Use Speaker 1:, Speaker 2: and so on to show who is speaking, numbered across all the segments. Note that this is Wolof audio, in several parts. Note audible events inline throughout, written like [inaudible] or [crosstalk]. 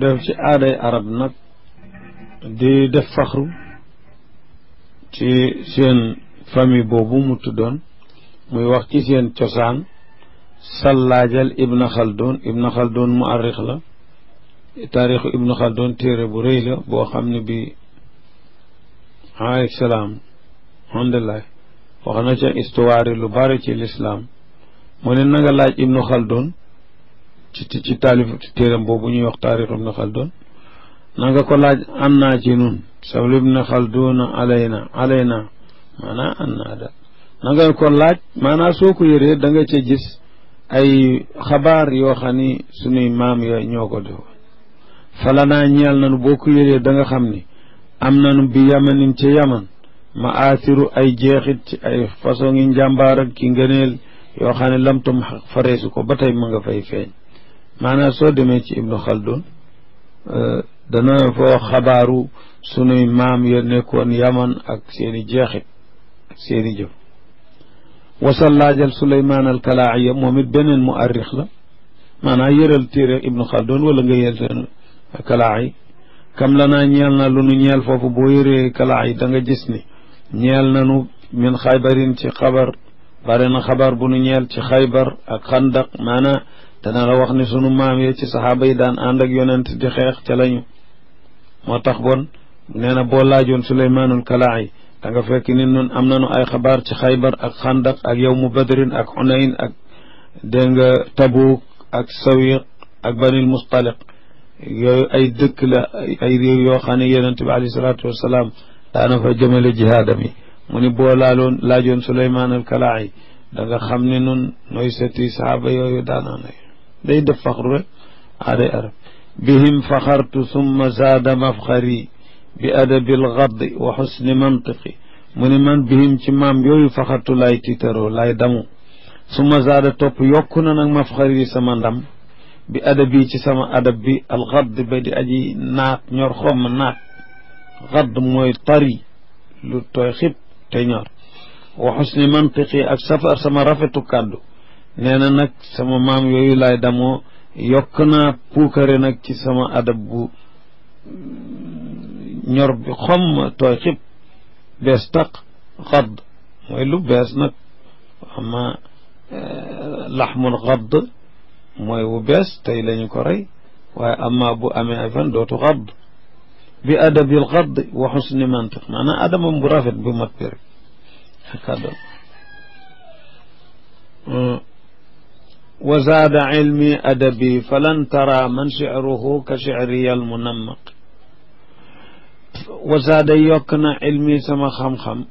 Speaker 1: def ci aaday arab nag di def faxru ci seen famille boobu mu doon muy wax ci seen cosaan sallaajal ibn xaldun ibn xaldun mu arrix la taarixu ibn xaldun téere bu rëy la boo xam ne bi aleyk salaam alhamdulilah wax na ca histoire lu bari ci lislaam mu ne na nga laaj ibn xaldun ci ci téeram boobu ñuy wax taarix ibn xaldun nanga ko laaj an naa ci nun sabl ibn xaldun alayna alayna maanaa an naa da nanga ko laaj maanaa soo ko yëree da ca gis ay xabaar yoo xam ni sunuy maam ya ñoo ko defoon fala naa ñeel nanu boo ko yëree da nga xam ni am nanu bi yamanin ci yaman ma aasiru ay jeexit ci ay façon ngi njàmbaar ak ki ngëneel yoo xam ne lamtum fareesu ko ba tey ma nga fay feeñ maanaam soo demee ci ibnu xaldun eh, dana foo xabaaru sunuy maam ya nekkoon yaman ak seeni jeexit ak seeni jëf wasallaajal suleymaan al kalaaciya moom it beneen mu arrix la maanaam yëral téere ibnu xaldun wala nga yël seen kalaaci kam la naa na lu nu ñeel foofu boo yëree kalaaci da nga gis ni ñeel min xaybarin ci xabar bare na xabaar bu nu ñeel ci xaybar ak xandaq dana la wax ni sunu maam yi ci saxaaba yi daan ànd ak yonent di xeex ca lañu moo tax bon nee na boo laajoon suleymaanul kalaayi da nga fekk ni nun am nañu ay xabaar ci xaybar ak xandak ak yowmu badrin ak xunayn ak dégg nga tabuuk ak sawiq ak banil mustaliq yooyu ay dëkk la ay yoo xam ne yonent bi alayhi salaatu wasalaam daana fa jëmale jihaadam yi mu ni boo laaloon laajoon suleymaanul kalaayi da nga xam ne day def faxru rek aaday arab bihim faxartu summa zaada mafxari bi adabil gaddi wa xusni mantiqi mu ne man bihim ci maam yooyu faxartu laay tiitaroo laay damu summa zaada topp yokku na nag mafxari sama ndam bi adabi ci sama adab bi al gadd ba di aji naat ñor naat gadd mooy tari lu tooy xib te ñor wa xusni mantiqi ak safar sama rafetu kàddu nee na nag sama maam yooyu laay damoo yokk naa puukare nag ci sama adab bu ñor bi xomm tooy xib bees taq xadd mooy lu bees nag ama eh, laxmul xadd mooy wu bees tey lañu ko rey waaye ama bu amee ay fan dootu xadd bi adabil xadd wa xusni mantiq maanaam adamam bu rafet bu mat bi wa zaada ilmi adabi falan tara man shiruhu ka shiriya almunamaq wa zaada yokk na ilmi sama xam-xam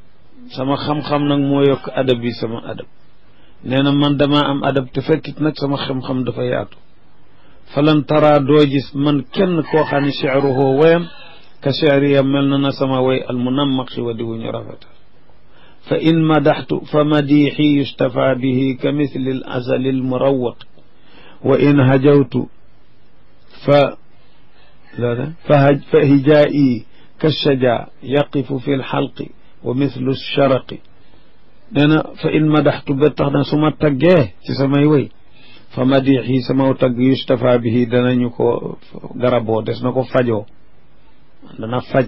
Speaker 1: sama xam-xam nag moo yokk adabi sama adab nee na man damaa am adab te fekkit nag sama xam-xam dafa yaatu falan tara doo gis man kenn koo xam ne shiruhu wayam ka shiriya mel na na sama way almunamaqi wa di wuñu rafetal fa in madaxtu fa madiixi yustafaa bihi ka misli al asali al murawaq wa in hajawtu fa loola fa fa hijaa'i ka shajaa yaqifu fi lxalqi wa mislu sharaqi nee na fa in madaxtu ba tax na su ma taggee ci samay wéy fa madiixi sama tagg yustafaa bihi danañu ko garaboo des na ko fajoo dana faj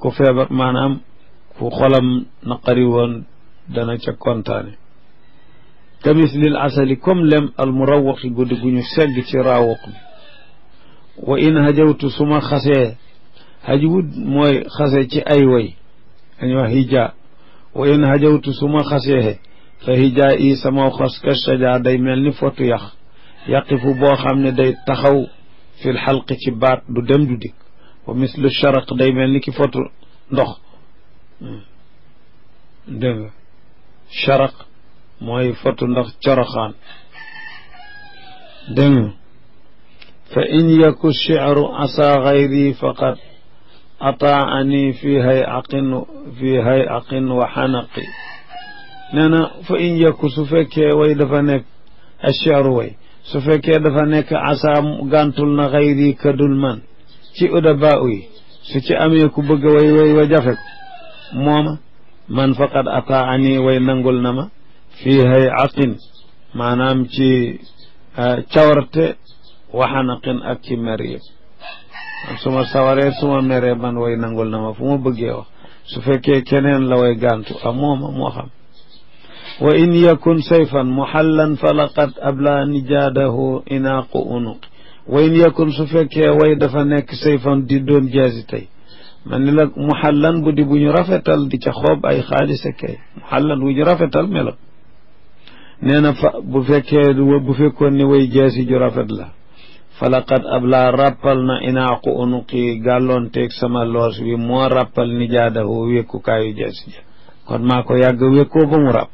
Speaker 1: ku feebar maanaam fu xolam naqari woon dana ca kontaane kamis lil asali comme lem al murawaqi guddi gu segg ci raawaq bi wa in hajawtu suma xasee hajwut mooy xase ci ay way dañuy wax hija wa in hajawtu suma xasee fa hija yi sama xas ka sajaa day mel ni fotu yàq yaqifu boo xam ne day taxaw fi lxalqi ci baat du dem du dikk wa mislu charaq day mel ni ki fotu ndox Hmm. dégg nga charaq mooy fottu ndax coroxaan dégg nga fa in yaku chiru asa xayri faqad ataani fi hay aqin fi hay aqin wa xanaqi nee na fa in yaku su fekkee way dafa nekk achiru way su fekkee dafa nekk asa gàntul na xayri kadul man ci udaba yi su ci amee ku bëgg way way wa jafe ko mooma man faqad ataani way nangul na ma fii hay atin maanaam ci e, cawarte waxanaqin ak ci mer yëpp su ma sawaree su ma meree man way nangul na ma fu ma bëggee wax su fekkee keneen la way gàntu a mooma moo xam wa in yakun sayfan muhallan falaqad abla nijaadahu inaaqu unuq wa in yakun su fekkee way dafa nekk sayfan di doon jaasi tey man ni nag muxallan bu di bu ñu rafetal di ca xoob ay xaalisa kay muxallan bu ñu rafetal melo nee na fa bu fekkee bu fekkoon ne way jeesi ju rafet la falaqad ab laa ràppal na inaaqu unuqi gàlloonteeg sama loos wi moo ràppal ni jaadahoo wékkukaayu jeesi ja kon maa ko yàgg wékkoo ba mu ràpp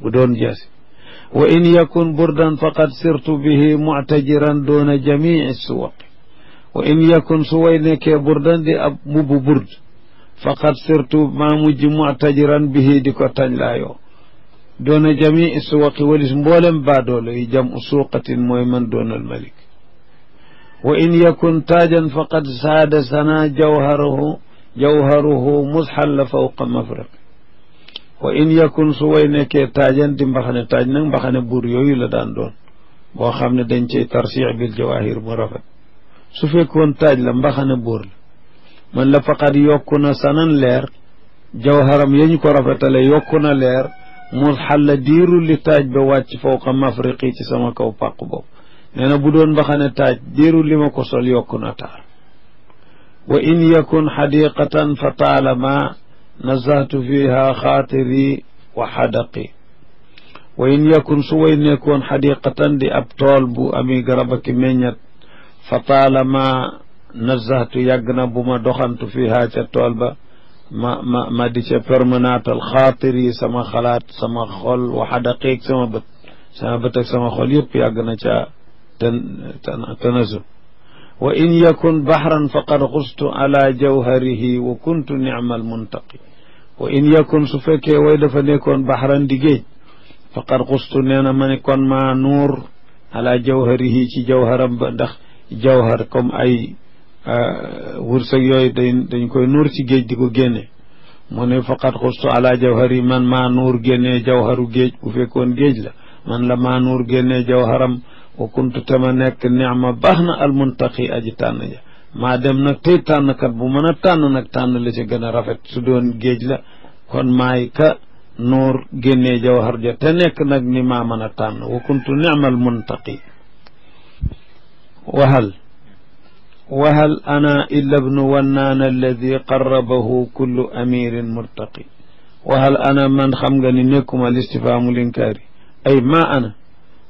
Speaker 1: bu doon jeesi wa in yakun burdan faqad sirtu bihi muctajiran doona jamii suwaq wa in yakun su way nekkee burdan di ab mbubb burd faqad surtout maa mujj mutajiran bihi di ko tañ laayoo doona jamii suwaqi walis mboolem baadoolo yi jam u suuqatin mooy man doonal malik wa in yakun taajan faqad saada sana jawharuhu jawharuhu musxal la fawqa mafriq wa in yakun su way nekkee taajan di mbaxane taaj nag mbaxane buur yooyu la daan doon boo xam ne dañ cay tarsiix bil jawahir mu rafet su fekkoon taaj la mbaxane bóor la man la faqat yokku na sanan leer jawharam yañu ko rafetale yokku na leer mu xalla diiru li taaj ba wàcc fawqa mafriqi ci sama kaw pàq boobu nee bu doon mbaxane taaj diiru li ma ko sol yokku na taar wa in yakun xadiqatan fa taalama di ab tool bu ami garab ak fa taalama nazahtu yàgg na bu ma doxantu fiha ca tool ba ma ma ma di ca permanaatal xaatir yi sama xalaat sama xol waxada qiig sama bët sama bët ak sama xol yëpp yàgg na ca ten tanasu wa in yakun baxran faqad xustu ala jawharihi wa kuntu nicmal muntaqi wa in yakun su fekkee way dafa nekkoon baxran di géej faqad xustu nee na ma ne kon maa nuur ala jawharihi ci jawharam ba ndax jawhar comme ay euh, wërsëg yooyu dañ dañ koy nuur ci géej di ko génne mu ne faqat xustu ala jawhar yi man ma nuur génnee jawharu géej bu fekkoon géej la man la maa nuur génnee jawharam wa kuntu tama nekk nicma baax na almuntaqi aji tànn ja maa dem nag tey tànnkat bu mën a tànn nag tànn la ci gën a rafet su doon géej la kon maay ka nuur génnee jawhar ja te nekk nag ni ma mën a tànn wa kuntu nicma almuntaqi وهل وهل أنا إلا ابن ونان الذي قربه كل أمير مرتقي وهل أنا من خمغني نكما الاستفهام الإنكاري أي ما أنا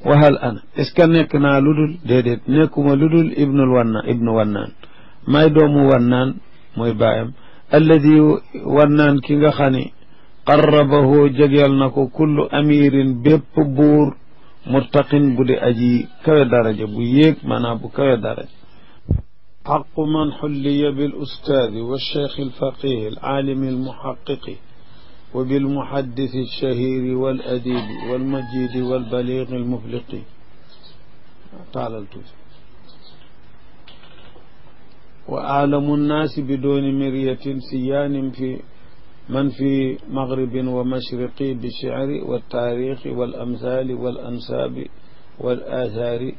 Speaker 1: وهل أنا إسكنكنا لدل ديدت نكما لدل ابن الونان ابن ونان ما يدوم ونان موي بايم الذي ونان كيغا خاني قربه جغيال نكو كل أمير بيب بور murtaqin bu di aji kawe daraja bu yéeg maanaam bu kawe daraja xaqu man xulliya bil ustaadi wa cheikh alfaqihi alaalimi almuxaqiqi wa bil muhaddisi alshahiri wal adibi wal majidi wal baliigi almufliqi taalal tuuti wa aalamu nnaasi bi dooni miryatin siyaanin fi man fi maghribin wa mashriqi bi shi'ri wa taarixi wal amsaali wal ansaabi wal aathaari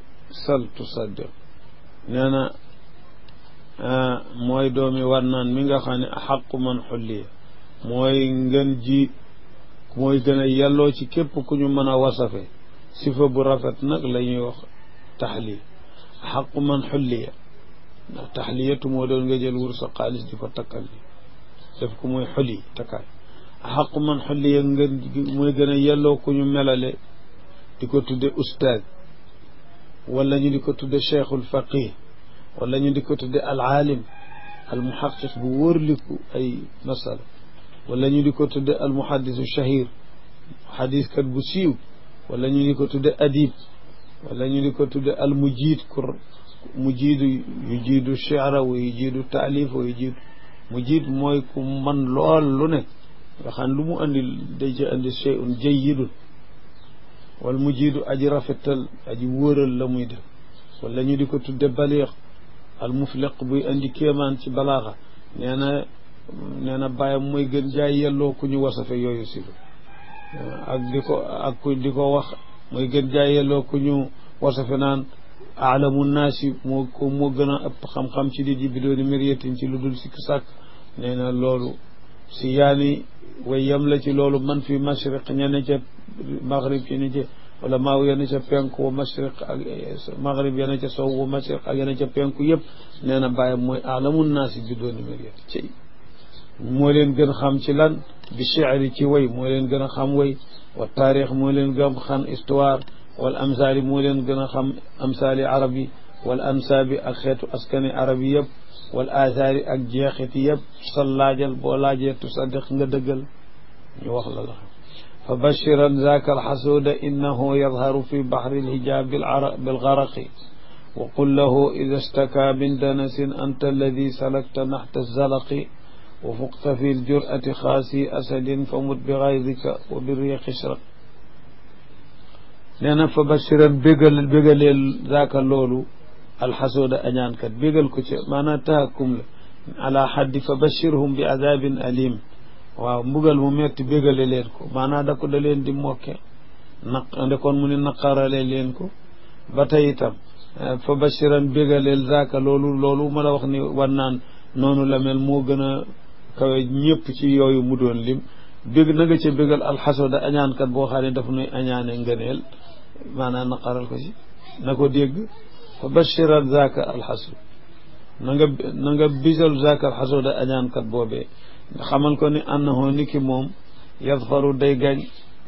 Speaker 1: sal tusaddiq nee na ah, mooy doomi Warnaan mi nga xam ne xaqu man xulliya mooy ngën ji mooy gën a yelloo ci képp ku ñu mën a wasafe sifa bu rafet nag la ñuy wax taxliya xaqu man xulliya ndax taxliyatu moo doon nga jël wur sa xaalis di ko takkal ni def ko mooy xulli takkaay xaqu man xulli ya ngeen mooy gën a yelloo ku ñu melale di ko tudde ustaad wala ñu di ko tudde cheikhul faqih wala ñu di ko tudde al aalim al muhaqiq bu wóorliku ay masala wala ñu di ko tudde al muhaddisu shahir xadiskat bu siiw wala ñu di ko tudde adib wala ñu di ko tudde al mujiid kur mujiidu yu jiidu chira wa yu jiidu taalif wa yu jiidu mu jiit mooy ku man lool lu ne nga xam lu mu andi day ca andi shay'un jayyidun wal mu jiitu aji rafetal aji wóoral la muy def wala ñu di ko tudde baliix al mufliq buy andi kéemaan ci balaaxa nee na nee na bàyyam mooy gën jaay yelloo ku ñu wasafe yooyu silu ak ak di ko wax mooy gën jaay yelloo ku ñu wasafe naan aalamu naasi moo ko moo gën a ëpp xam-xam ci di ji bi dooni mériyatin ci lu dul sikk sàkk nee na loolu si yaani way yem la ci loolu man fi mashriq ña ne ca maghrib ci ne ca wala maaw yana ca penku wa mashriq ak eh, maghrib yana ca sow wa mashriq ak yana ca penku yëpp nee na bàyyam mooy aalamu naasi bi dooni mériyatin ci moo leen gën xam ci lan bi shi'ri ci way moo leen gën a xam way wa taarix moo gën xam histoire wal amsaali moo leen gën a xam amsaali arab yi wal ansaabi ak xeetu askani arab yi yëpp wal aasaari ak jeexiti yëpp sal laajal boo laajee tusaddiq nga dëggal ñu wax la la fa bashiran zaaka alxasuuda innahu yadharu fi baxri alhijaab bilgaraqi wa qul lahu ida staka min danasin anta alladi salakta naxta zalaqi wa fuqta fi ljur'ati xaasi asadin fa mut bi gaydika wa bi riixi shraq nee na fa bashiran bégal bégaleel zaaka loolu alxasuuda añaankat bégal ko ci maanaam tahakkum la ala xaddi fa bashirhum bi azabin alim waaw mbugal mu metti bégale leen ko maanaam da ko da leen di mokke naq ndekoon mu ne naqarale leen ko ba tey itam eh, fa bashiran bégaleel zaaka loolu loolu ma la wax ni war naan noonu la mel moo gën a kawe ñëpp ci yooyu mu doon lim bég na nga ca bégal alxasada añaankat boo xam ne daf nuy añaane ngëneel maanaam naqaral ko ci na ko dégg fa bashiral zaaka alxasu na nga na nga bisal zaaka alxasada añaankat boobee xamal ko ni annahu ni ki moom yadfaru day gañ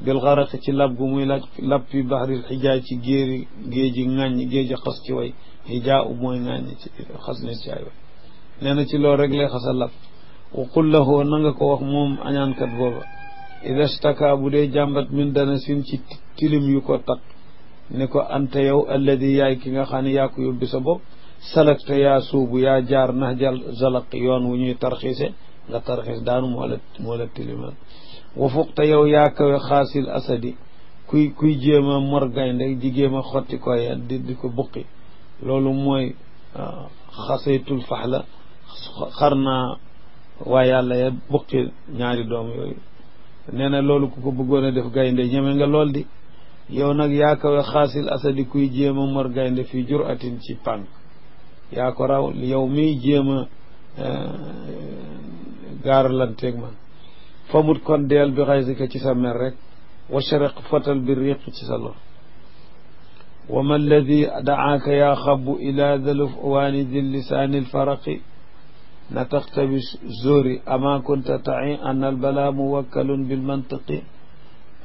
Speaker 1: bil xaraq ci lab gu muy laaj lab fi baxril xijaay ci géeri géeji ŋàññ géeji xas ci way xijaa u mooy ŋàññ ci xas ne ci way nee na ci loolu rek lay xasa lab wa qul lahu na nga ko wax moom añaankat booba ida staka bu dee jàmbat min dana sin tilim yu takk ne ko anta yow alladi yaay ki nga xam ne yaa sa bopp salakta yaa suubu yaa jaar nax zalaq yoon wu ñuy tarxiise nga tarxiis daanu moo la moo wa fuqta yow yaa kawe asadi kuy kuy jéem a mor gaynde di jéem a xotti ko ya buqi loolu mooy ah, xasaytul faxla xar waa yàlla ya buqi ñaari doom yooyu nee na loolu ku ko bëggoon a def gaynde ñeme nga lool di yow nag yaa kawe xaasil asadi kuy jéem mor gaynde fii jur atin ci pànk yaa ko raw yow miy jéem a eh, gaaralanteeg man famut kon deel bi xaysika ci sa mer rek wa shariq fatal bi riq ci sa lor wa ma alladi dacaaka yaa xabu ila daluf waani di lisaani lfaraqi la taxtabi zori ama kunta ta'i an albala muwakkalun bilmantiqi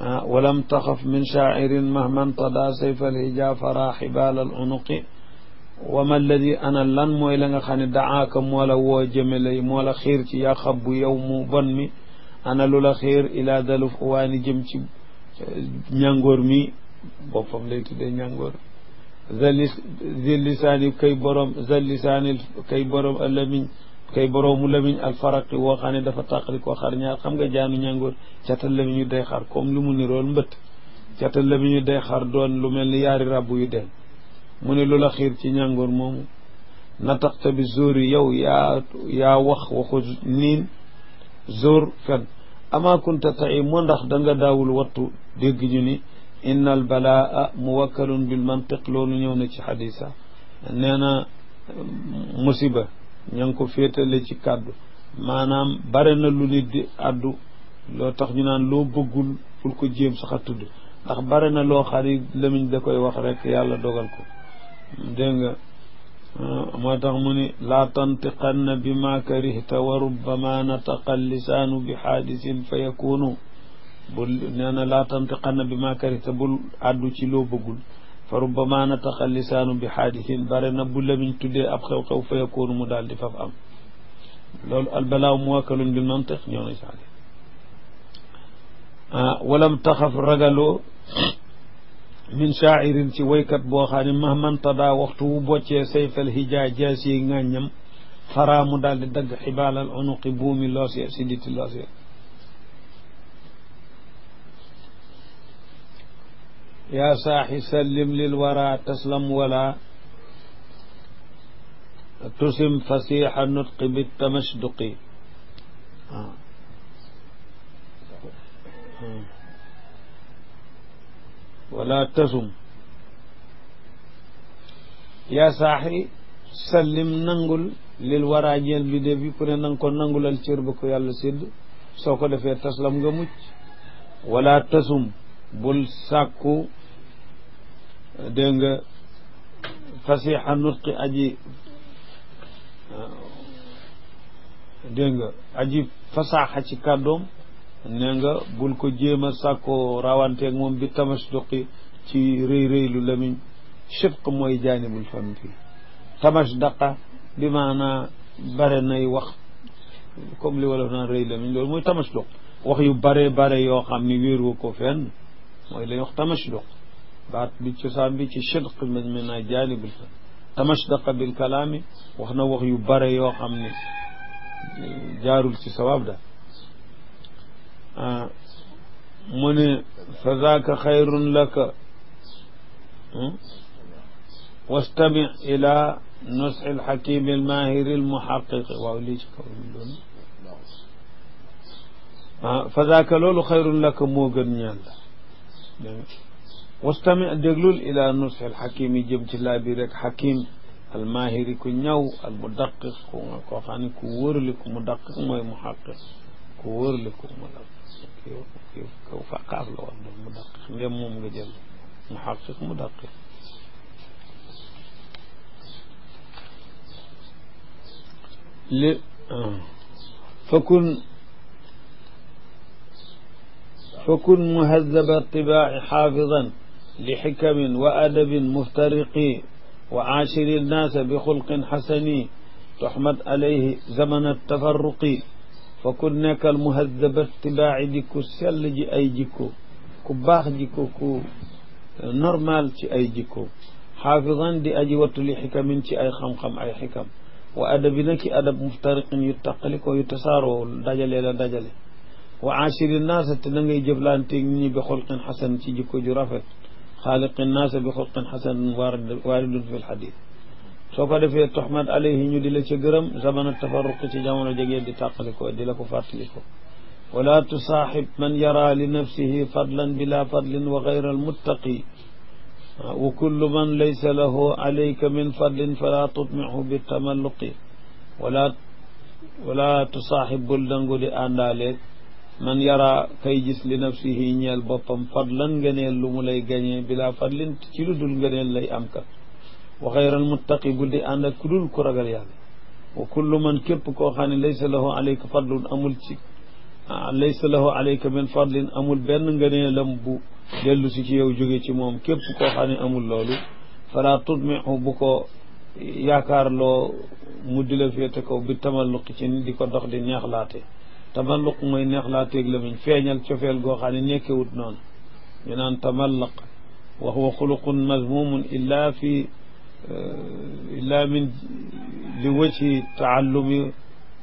Speaker 1: ah, walam taxaf min shaa'irin mahman tada sayfa alhija fara xibaal alunuqi wa ma alladi ana lan mooy la nga xam ne daaka moo la woo jëmelay moo la xiir ci yaa xabbu yow mu bon mi ana lu la xiir ilaa daluf waani jëm ci eh, ñàngoor mi boppam lay tuddee ñàngoor zallisaani kay borom zallisaani kay borom alamiñ kay boroomu lamiñ al faraqi woo xam dafa tàqali koo xar ñaar xam nga jaanu ñàngoor catal lamiñ yu day xar comme lu mu ni rool mbëtt catal lamiñ yu day xar doon lu mel ni yaari ràbb yu dem mu ne lu la xiir ci ñàngoor moomu nataxta bi zóor yi yow yaa wax waxu niin zóor fen ama kunta tayi moo ndax da nga daawul wattu dégg ñu ni inna al balaa muwakkalun bil mantiq loolu ñëw na ci xadisa nee musiba ña ngi ko féetale ci kàddu maanaam bare na lu nit di àddu loo tax ñu naan loo bëggul bul ko jéem sax a tudd ndax bare na loo xam ne lamiñ da koy wax rekk yàlla dogal ko dégg nga ah, moo tax mu ni laa tantiqanna bi ma karihta wa rubbama nataqa lisaanu bi xaadisin fa yakunu bul nee na laa tantiqanna bi ma karihta bul àddu ci loo bëggul fa rubbama nataqa lisaanu bi xaadisin bare na bu lamiñ tuddee ab xew-xew fa yakoonu mu daal di faf am loolu albalaaw muwakkalun bil mantiq ñëw nañ sax walam taxaf ragaloo min shaa'irin ci woykat boo xam ne mahmantadaa waxtu wu boccee sayfal hijaa jaas yi ngàññam faraa mu daal di dagg xibaalal unuqi buumi loos ya si diti loos ya yaa saaxi sallim lil wara taslam wala tusim fasixa nutqi bi tamashduqi wala tasum yaa saaxi sallim nangul lil wara ñeel bi dé bi ku ne nanga ko nangulal cër ba ko yàlla sédd soo ko defee taslam nga mucc wala tasum bul sàkku dégg nga fasixa nutqi aji dégg nga aji fasaaxa ci kàddoom ne nga bul ko jéem a sàkkoo rawanteeg moom bi tamasduqi ci rëy rëylu lamiñ shidq mooy jaanibul fam fi tamasdaqa bi maanaa bare nay wax comme li wala naan rëy lamiñ loolu mooy tamasduq wax yu bare bare yoo xam ni wéeru ko fenn mooy lañ wax tamasduq baat bi cosaan bi ci shidq min min a jaanib tamashdaqa bil kalaami wax na wax yu bare yoo xam ne jaarul ci sawaab da mu ne fa zaaka xayrun laka wastami ila nusxi alxakimi almahiri almuxaqiqi waaw lii ci kaw mi doon fa zaaka loolu xayrun laka moo gën ñaan la wastami déglul ila nusxi alxakim yi jëm ci laa bi rek xakim almahiri ku ñaw al mu daqiq ku nga koo xam ne ku wóoraliku mu daqiq mooy mu xaqiq ku wóoraliku mu daqiq kii kaw faqaaf la woon mu daqiq ndem moom nga jël mu xaqiq mu daqiq li fakun fakun muhazaba tibaaci xaafidan لحكم وأدب مفترق وعاشر الناس بخلق حسن تحمد عليه زمن التفرق فكن nekk المهذب اتباع di ku sell ji ay jikko ku baax jikko ku normal ci ay jikko xaafidan di aji wattu li xikamin ci ay xam-xam ay xikam wa adabi na ki adab muftariqin yu taqalikoo yu tasaaroo dajale la dajale wa aashiri naasa te na ngay jëflanteeg nit ñi bi xolqin xasan ci jikko ju rafet xaaliqi naasa bi xulqin xasanin waaridun fi lxadis soo ko defee toxmat alayhi ñu di la ca gërëm zamana tafarruq ci jamono jegee di tàqalikoo di la ko fàttaliko wala tusaaxib man yara li nafsihi fadlan bila fadlin wa gayra almuttaqi wa kullu man laysa lahu alayka min fadlin fala tutmihu bitamalluqi wala wala tusaaxib bul dangu di àndaaleeg man yara kay gis li nafsihi ñeel boppam fadlan ngëneel lu mu lay gañee bila fadlin ci lu dul ngëneel lay am kat wa xayral muttaqi guddi ànd ak ku dul ku ragal yàlla wa kullu man képp koo xam ne laysa lahu alayka fadlun amul ci laysa lahu alayka min fadlin amul benn ngëneelam bu dellu si ci yow jóge ci moom képp koo xam ne amul loolu fala tudmihu bu ko yaakaar loo mu di la féete ko bi tamalluqi ci ni di ko dox di neexlaate tamalluq mooy neex laa teeg lamiñ feeñal cofeel goo xam ne nekkewut noonu ñu naan tamallaq wa huwa xuluqun mazmumun illa fi euh, illa min li wajhi taallumi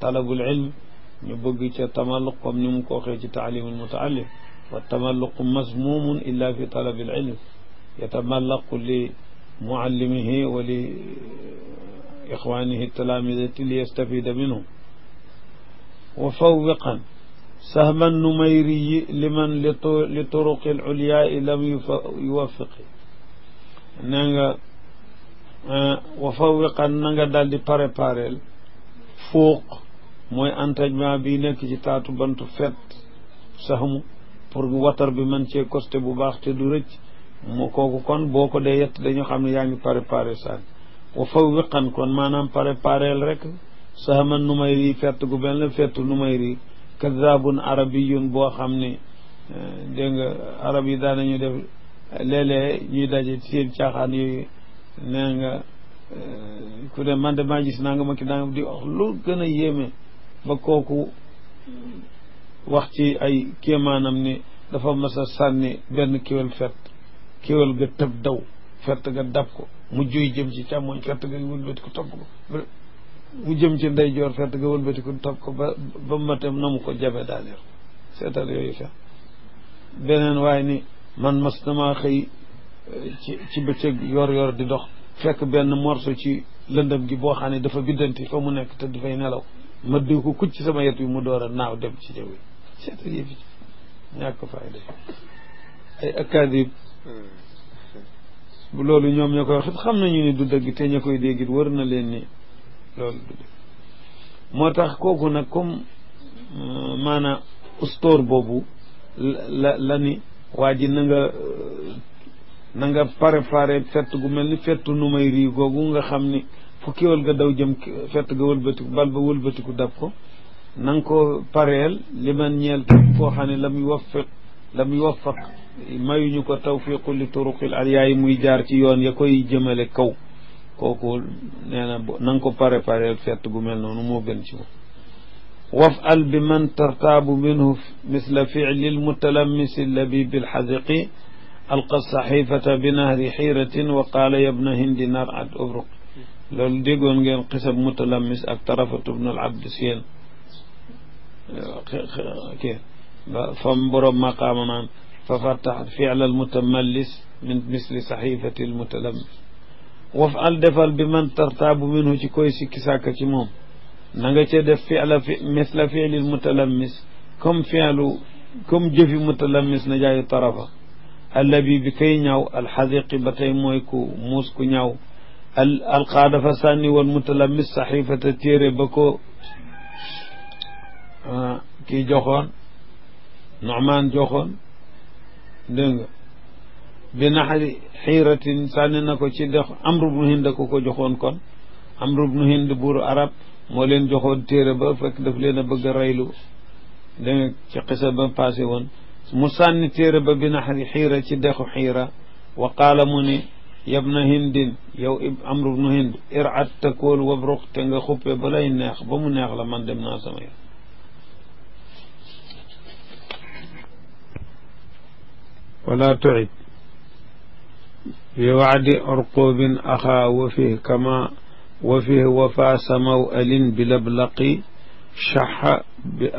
Speaker 1: talabul ilm ñu bëgg ca tamalluq comme ni mu ko waxee ci taalimul mutaallim wa tamalluqu mazmumun illa fi talabil ilm yatamallaqu li muallimihi wa li euh, ixwanihi talaamidati li yastafida minhum وفوقا سهم النميري لمن لطرق العلياء لم يوفق نغا وفوقا نغا دال دي باري باريل فوق mooy entêtement bi nekk ci taatu bantu fet saxmu pour watar bi mën cee costé bu baax te du rëcc ko ko kon boo ko dee yett dañu xam ne yaa ngi préparé saan wa faw wiqan kon maanaam prépareel rek sa sahma numayri fett gu benn fett numayri kazabun arabiyun boo xam ne eh, dégg nga arab yi daan nañu def léeg ñuy daje ci seen caaxaan yooyu nee nga eh, ku ne man maa gis naa nga ma ki naa di wax lu gën a yéeme ba kooku wax ci ay kéemaanam ni dafa masa sànni benn kéwél fett kéwél ga tëb daw fett ga dab ko mu juy jëm ci càmmoñ fett ga wëlbati ko topp ko mu jëm ci ndeyjoor fett ga wëlbati ko topp ko ba ba matam na mu ko jabe daaneer seetal yooyu fen beneen waaye ni man mas damaa xëy eh, ci ci bëccëg yor yor di dox fekk benn morso ci lëndëm gi boo xam ne dafa biddanti fa mu nekk te dafay nelaw ma diw ko kucc sama yet bi mu door a naaw dem ci jaww ji seetal yëfi ñàkk fayda ay hmm. loolu ñoom ñoo koy wax xam nañu ni du dëgg te ña koy déggit wër na leen ni loolu moo tax kooku nag comme euh, maanaam ustoor boobu la la ni waa ji na nga euh, na nga préparé fett gu mel ni fettu nu may rii googu nga xam ni fu kéwal ga daw jëm fett ga wëlbatiku bal ba wëlbatiku dab ko na nga ko pareel li man ñeel koo xam ne la lam yuwaffiq lam yuwaffaq mayuñu ko tawfiqu li turuqil aliyaa yaay muy jaar ci yoon ya koy jëmale kaw kooku nee na na nga ko préparé fett gu mel noonu moo gën ci moom wafal bi man tartaabu minhu misla ficli almutalamisi allabi bilxaziqi alqa saxifata bi nahri xiiratin wa qaala yabna hindi nar at ubruq loolu déggoon ngeen xisab mutalamis ak tarafatu bnu alabdi seen euh, kii fam borom maqaama naan fa fatax ficla almutamallis min misli saxifati almutalamis wafal defal bi man tartaabu minhu ci koy sikki sàkk ci moom na nga cee def fi'la fi misla fi'lil mutalammis comme fi'lu comme jëfi mutalammis na jaayu tarafa allabi bi kay ñaaw alxadiqi ba tey mooy ku muus ku ñaaw al alqaa dafa sànni woon mutalammis saxifata téere ba ko ah, kii joxoon Nu'maan joxoon dégg nga bi naxari xiiratin sànni na ko ci dex amru bnu hind ko ko joxoon kon amru bnu hind buuru arab moo leen joxoon téere ba fekk daf leen a bëgg a raylu danga ci xisa ba passé woon mu sànni téere ba bi naxari xiira ci dexu xiira wa qaala mu ni yab na hindin yow amru bnu hind irat ta kóol wabruq te nga xuppe ba lay neex ba mu neex la man dem naa sama yoon wala tuib bi wacdi orqubin axaa wa fih kama wa fih wafa samaw alin bilablaqi shaxa bi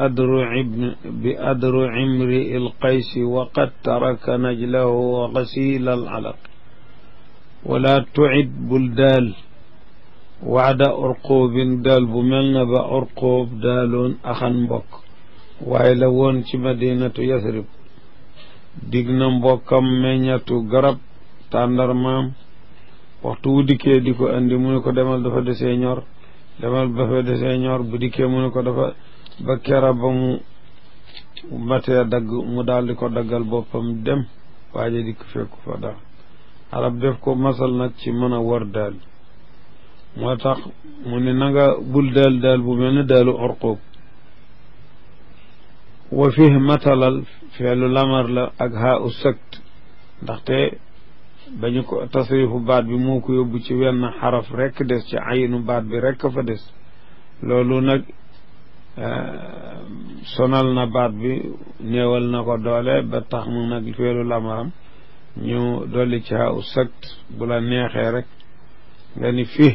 Speaker 1: adru imri ilqaysi waqad taraka najlahu wa gasila alalaqi wala tucid bul daal wacda orqubin daal bu mel na ba orqub daaloon axan mbokk waaye la woon madinatu yasrib dig na mbokkam meññatu garab tàndarmaam waxtu wu dikkee di ko andi mu ne ko demal dafa desee ñor demal ba fa desee ñor bu dikkee mu ne ko dafa ba kera ba mu matee dagg mu daldi ko daggal boppam dem waaje dikk fekku fa dara arab def ko masal nag ci mën war daal moo tax mu ne na nga bul daal daal bu mel ne daalu orqoob wa fih matalal feelu lamar la ak haa u sëkt ndaxte ba ñu ko tasrifu baat bi moo ko yóbbu ci wenn xaraf rekk des ci ayinu baat bi rekk fa des loolu nag euh, sonal na baat bi néewal na ko doole ba tax mu nag feelu lamaram ñu dolli ci aw sakt bu la neexee rek nga ni fi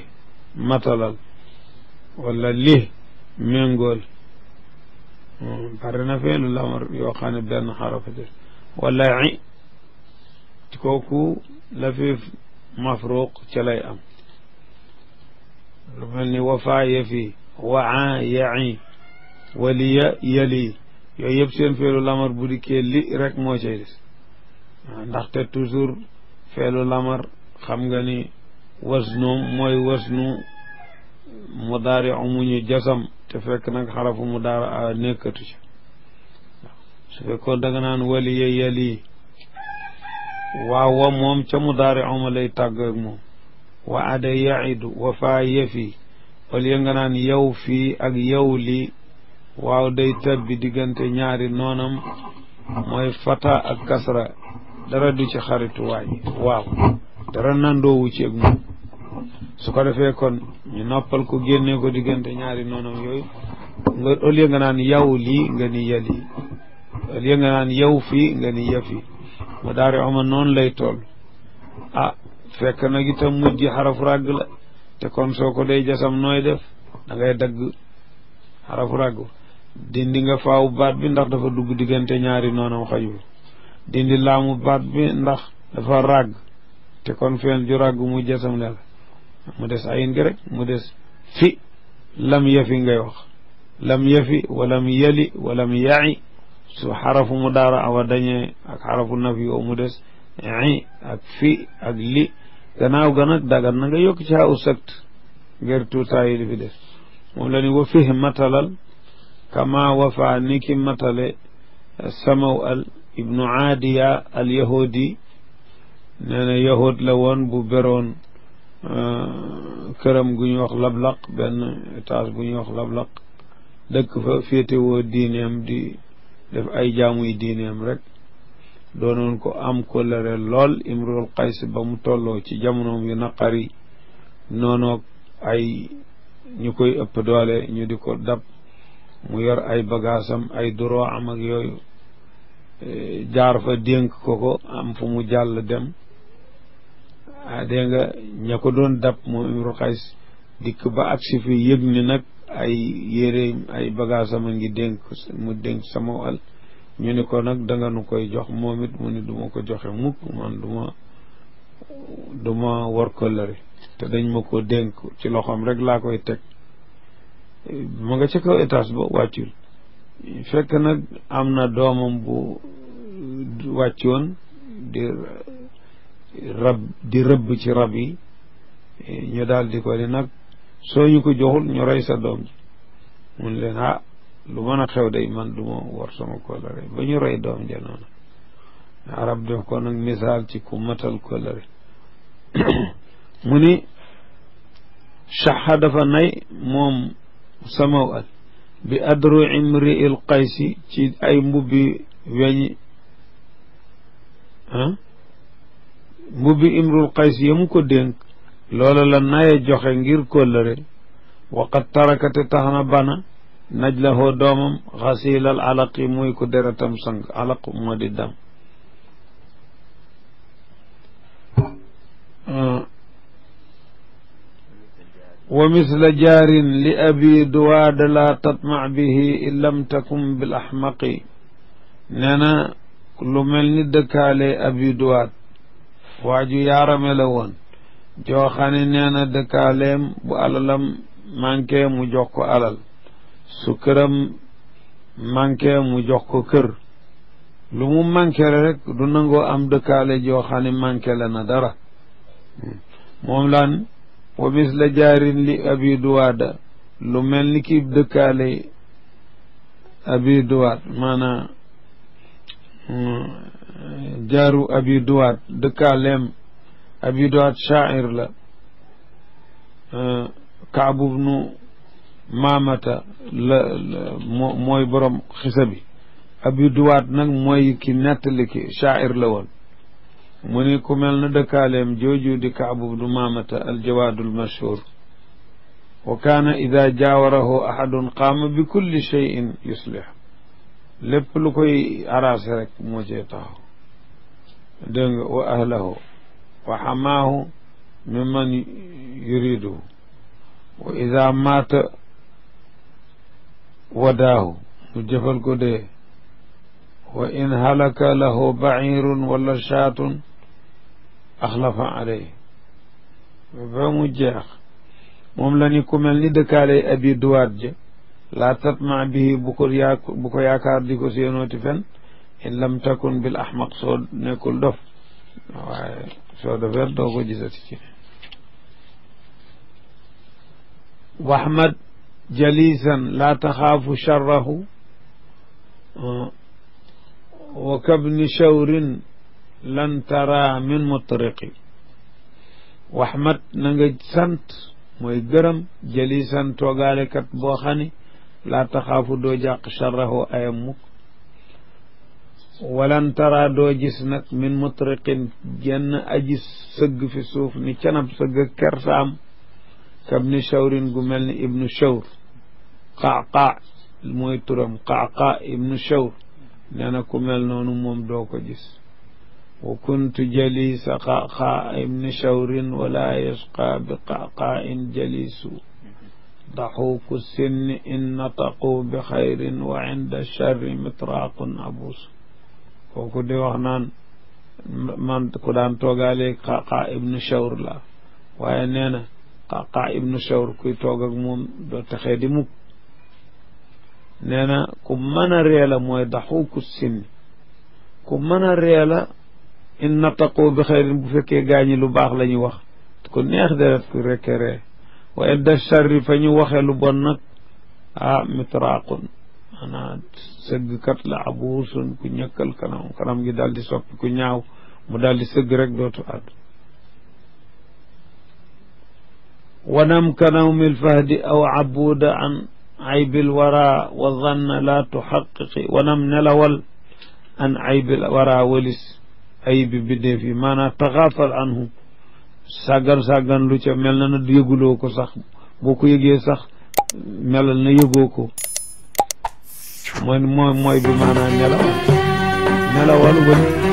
Speaker 1: matalal wala li méngool bari na feelu lamar yoo xam ne benn xarafa des wala i kooku lafiif mafruq ca lay am lu mel ni wafaa yafi waa waliya yali yooyu yëpp seen lamar bu dikkee li rek moo cay ah, ndaxte toujours feelu lamar xam nga ni wasnoom wasnu mudaari amuñu jasam te fekk nag xarafu mudaara nekkatu ci su fekkoon da nga naan waliya yali waaw wa moom ca mudaari ma lay tàgg ak moom wa ada yaidu wa faa yëfi wala nga naan yow fii ak yow li waaw day tabbi diggante ñaari noonam mooy fata ak kasra dara du ci xaritu waay waaw dara nandoowu ci ak moom su ko defee kon ñu noppal ko génnee ko diggante ñaari noonam yooyu nga nga naan yow lii nga ni yali yow fii nga wa daari oma noonu lay toll ah fekk nag itam mujj xarafu ràgg la te kon soo ko dee jasam nooy def da ngay dagg xarafu ràgg dindi nga faaw baat bi ndax dafa dugg diggante ñaari noonam xajul dindi laamu baat bi ndax dafa ràgg te kon feen ju ràgg mu jasam ne la mu des ayin gi rek mu des fi lam yafi ngay wax lam yafi walam yali walam yaci su xarafu mu daara awa dañee ak xarafu naf yoo mu des i ak fi ak li gannaaw ga nag dagan na nga yokk ci xaaw li fi des moom la ni matalal kama wafa ni matale samaw al ibnu aadiya al yahudi nee la woon bu beroon euh, këram gu wax lablaq benn étage bu ñu wax lablaq dëkk fa féetewoo diineem di def ay jaamuy diineem rek doonoon ko am kóllëre lool imrul qays ba mu tolloo ci jamonoom yu naqari noonoog ay ñu koy ëpp doole ñu di ko dab mu yor ay bagaasam ay duroo am yooyu e, jaar fa dénk ko ko am fu mu jàll dem ah dégg nga ña ko doon dab moom imrul qays dikk ba agsi fi yëg ni nag ay yéreem ay bagaasam a ngi dénk mu dénk sama wàll ñu ni ko nag danga nu koy jox moom it mu ni duma ko joxe mukk man duma war ko te dañ ma ko dénk ci loxoom rek laa koy teg mu nga ca kaw ba wàccul fekk nag am na doomam bu wàccoon di rab di rëbb ci rab yi ñu daal di ko ni nag soo ñu ko joxul ñu rey sa doom ji mun leen ah lu mën a xew day man du ma war sama kóllëre ba ñu rey doom ja noonu arab def ko nag misaal ci ku matal kóllëre [coughs] mu ni saxa dafa nay moom samaw al bi adru imri il qaysi ci ay mbubbi weñ ah mbubbi imrul qaysi yamu ko dénk loola la naye joxe ngir kóllëre waqat tarakate tax bana naj la hoo doomam xasiilal alaqi muy ku deretam sang alaq moo di wa misla jaarin li abi duwaada laa tatmac bihi in lam takum bil axmaqi nee na lu mel ni dëkkaale abi duwaad waaju yaarame la joo xam ne nee bu alalam manqué mu jox ko alal su këram manqué mu jox ko kër lu mu manqué rek du nangoo am dëkkaale joo xam la na dara moom lan wa la jaarin li abi duwaada lu mel ni ki dëkkaale abi duwaat maanaam mm, jaaru abi duwaat dëkkaaleem ab yudaat shaacir la e, Kaabu bnu Maamata la mooy borom xisa bi ab yuduwaat nag mooy ki nettali ki shaacir la woon mu ni ku mel na dëkkaaleem jooju di Kaabu bnu Maamata aljawaadu almashhuur wa kaana ida jaawarahu ahadun qaama bi kulli cheyin yuslix lépp lu koy arrangé rek moo cee taxaw dégg nga wa ahlahu wa xamaahu mimman yuridu wa ida maata wadaahu mu jëfal ko dee wa in halaka lahu baciirun wala shaatun axlafa aley ba mu jeex moom la ni ku mel ni dëkkaaley abi duwaat ja laa tatma bihi bu ko yaa bu ko yaakaar di ko séenooti fen in lam takun bil axmaq soo nekkul dof waaye soo de weer doo ko gisati ci waxmad jalisan laa taxaafu charrahu wa kabni shawrin lan tara min mutriqi waxmat na nga sant mooy gërëm jëli sant toogaalekat boo xam ne laa taxaafu doo jàq charrahu ayam mukk walan tara doo gis nag min mutriqin jenn aji sëgg fi suuf ni canab sëgg kersaam kabni shawrin gu mel ni ibnu shawr qaqaa mooy turam qaqaa ibnu shawr nee na ku mel noonu moom doo ko gis wa kuntu jalisa qaqaa ibni shawrin wala yashqa bi qaqaa in jalisu daxuuku sinni in nataqu bi xayrin wa inda charri mitraaqun abuus kooku di wax naan man ku daan toogaaleeg xaqa ibnu shawr la waaye nee na xaqa ibnu shawr kuy toog ak moom doo texee di mukk nee na ku mën a ree mooy daxuku sinni ku mën a ree la in nataqoo bi xeyrin bu fekkee gaañi lu baax la ñu wax ku neex deret ku rekke ree waaye da charri fa ñu waxe lu bon nag ah mitraaqun maanaam sëggkat la abuusun ku ñëkkal kanam kanam gi daal di soppi ku ñaaw mu daldi di sëgg rek dootu àdd wanam kanaw mil fahdi aw abuuda an aybil wara wa zanna laa tuxaqiqi wanam nelawal an aybil wara walis ayibi biddeef yi maanaam taxaafal anhu sàggan na na ko sax boo ko sax melal mooy mooy mooy bi maanaam nelawal nelawal wëñ